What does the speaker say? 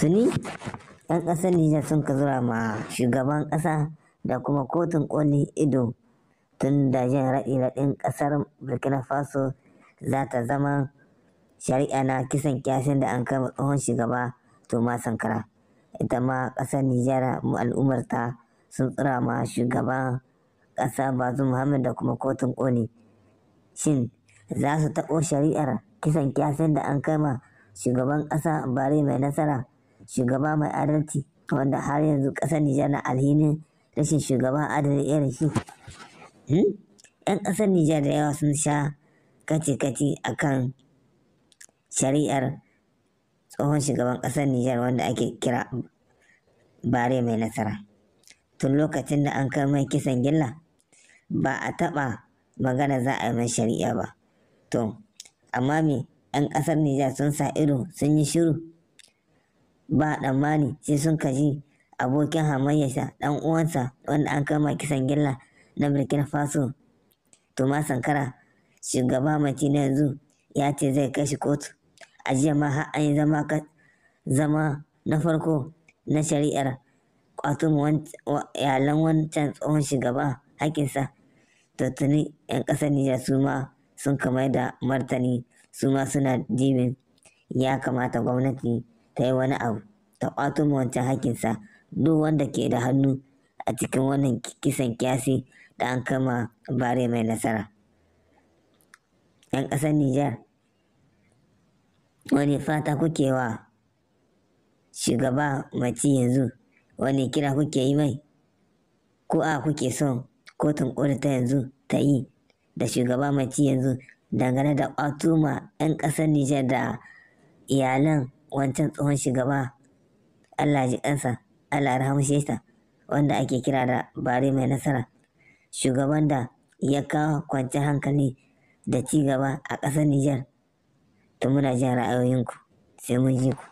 tuni 'yan ƙasar Nijar sun ka zura ma shugaban ƙasa da kuma kotun ƙoli ido tun da jin raɗi-raɗin ƙasar burkina faso za ta zama shari'a na kisan kyashin da an kama tsohon shugaba toma sankara ita ma ƙasar nijar mu al'ummarta sun tsira ma shugaban ƙasa bazu muhammad da kuma kotun ƙoli shin za su taɓo shari'ar kisan kyashin da an kama shugaban ƙasa bare mai nasara shugaba mai adalci wanda har yanzu ƙasar Nijar na alhinin rashin shugaban adalci irin shi. Hmm? ‘Yan ƙasar Nijar da yawa sun sha kaci-kaci a kan shari'ar tsohon shugaban ƙasar Nijar wanda ake kira bare mai nasara. Tun lokacin da an kai mai kisan gilla ba a taɓa magana za a yi mai shari'a ba. To, amma me ‘yan ƙasar Nijar sun sa ido sun yi shiru. ba tsammani sai sun kaji abokin hamayyarsa dan uwansa wanda an kama kisan gilla na burkina faso tuma sankara shugaba mace na yanzu ya ce zai kai kotu a jiya ma har an yi zama na farko na shari'ar kwato yalan wancan tsohon shugaba hakinsa to tuni 'yan ƙasar nijar su ma sun kamar da martani su ma suna dimin ya kamata gwamnati ta yi wani abu ta ƙwato ma wancan hakinsa duk wanda ke da hannu a cikin wannan kisan kyasi da an kama bare mai nasara. 'Yan ƙasar Nijar, wani fata kuke wa shugaba mace yanzu, wani kira kuke yi mai, ko a kuke son kotun ƙoli ta yanzu ta yi da shugaba mace yanzu dangane da ƙwato ma 'yan ƙasar Nijar da iyalan wancan tsohon shugaba Allah ji kansa Allah rahamshe ta wanda ake kira da bare mai nasara shugaban da ya kawo kwanciyar hankali da ci gaba a ƙasar Nijar to muna jin ra'ayoyinku sai mun ji ku